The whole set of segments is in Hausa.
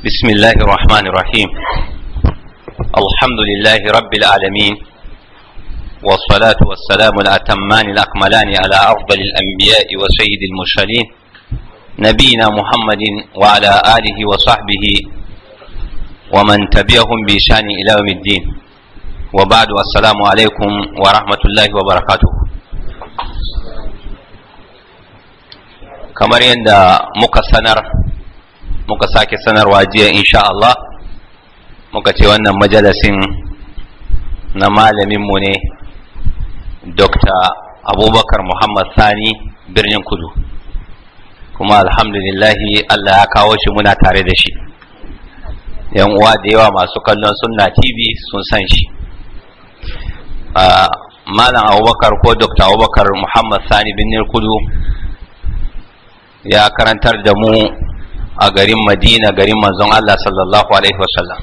بسم الله الرحمن الرحيم الحمد لله رب العالمين والصلاة والسلام الأتمان الأكملان على أفضل الأنبياء وسيد المرسلين نبينا محمد وعلى آله وصحبه ومن تبعهم بشان إلى يوم الدين وبعد السلام عليكم ورحمة الله وبركاته كما yadda مكسنر muka sake sanarwa jiya insha Allah muka ce wannan majalisin na malaminmu ne Dr. Abubakar Muhammad Sani birnin kudu kuma alhamdulillahi Allah ya kawo shi muna tare da shi yan uwa da yawa masu kallon sunna TV sun san shi malam abubakar ko dr abubakar muhammad sani Birnin kudu ya karantar da mu a garin madina garin manzon Allah sallallahu alaihi wasallam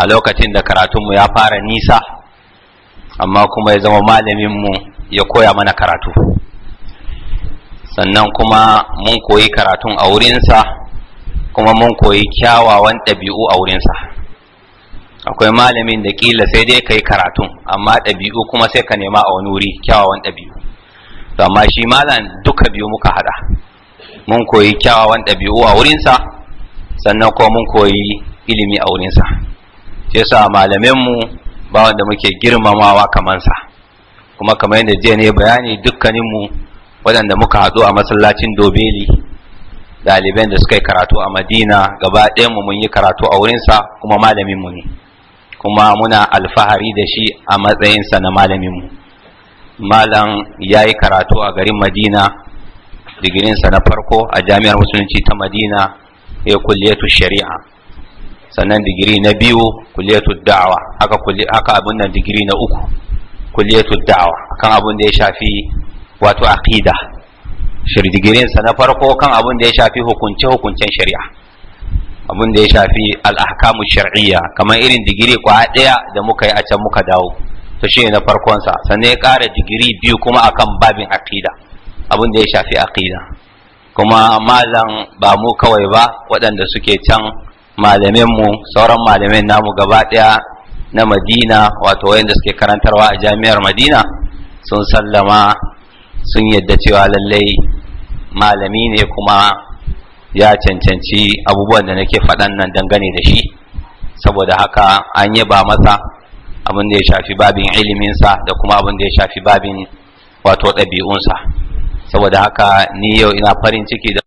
a lokacin da karatunmu ya fara nisa amma kuma ya zama malaminmu ya koya mana karatu sannan kuma mun koyi karatun a wurinsa kuma mun koyi kyawawan ɗabi'u a wurinsa akwai malamin da kila sai dai ka yi karatun amma ɗabi'u kuma sai ka nema a wani wuri kyawawan ɗabi'u to amma shi malam duka biyu muka hada mun koyi kyawawan ɗabi'u a wurinsa sannan kuma mun koyi ilimi a wurinsa shi sa malaminmu ba wanda muke girmamawa kamansa kuma kamar yadda jiya ne bayani dukkaninmu waɗanda muka haɗu a masallacin dobeli ɗaliban da suka yi karatu a madina gaba ɗayanmu mun yi karatu a wurinsa kuma malaminmu ne kuma muna alfahari da shi a matsayinsa na malaminmu malam ya yi karatu a garin madina digirinsa na farko a jami'ar musulunci ta madina ya eh, kulliyatu shari'a sannan digiri na biyu kulliyatu da'awa haka haka abin nan digiri na uku kulliyatu da'awa kan abin da ya shafi wato aqida shirdigirin sa na farko kan abin da ya shafi hukunce hukuncen shari'a abin da ya shafi al-ahkamu shar'iyya kamar irin digiri kwa daya da muka yi a can muka dawo to shi ne na farkonsa sannan ya ƙara digiri biyu kuma akan babin aqida abin da ya shafi aqida kuma malam ba mu kawai ba waɗanda suke can mu sauran malamin namu gaba ɗaya na madina wato wayanda suke karantarwa a jami'ar madina sun sallama sun yadda cewa lallai malami ne kuma ya cancanci abubuwan da nake faɗan nan dangane da shi saboda haka an yaba masa abin da ya shafi babin iliminsa da kuma abin da ya shafi babin wato ɗabi'unsa saboda haka ni yau ina farin ciki da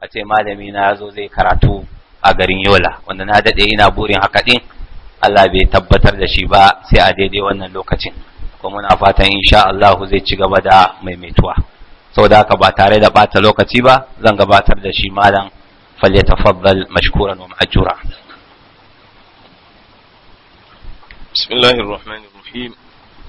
a ce malami na zo zai karatu a garin yola wanda na daɗe ina burin haka ɗin Allah bai tabbatar da shi ba sai a daidai wannan lokacin kuma muna fatan insha Allah zai ci gaba da maimaituwa saboda haka ba tare da bata lokaci ba zan gabatar da shi malam falyatafaddal mashkuran wa ma'jura بسم الله الرحمن الرحيم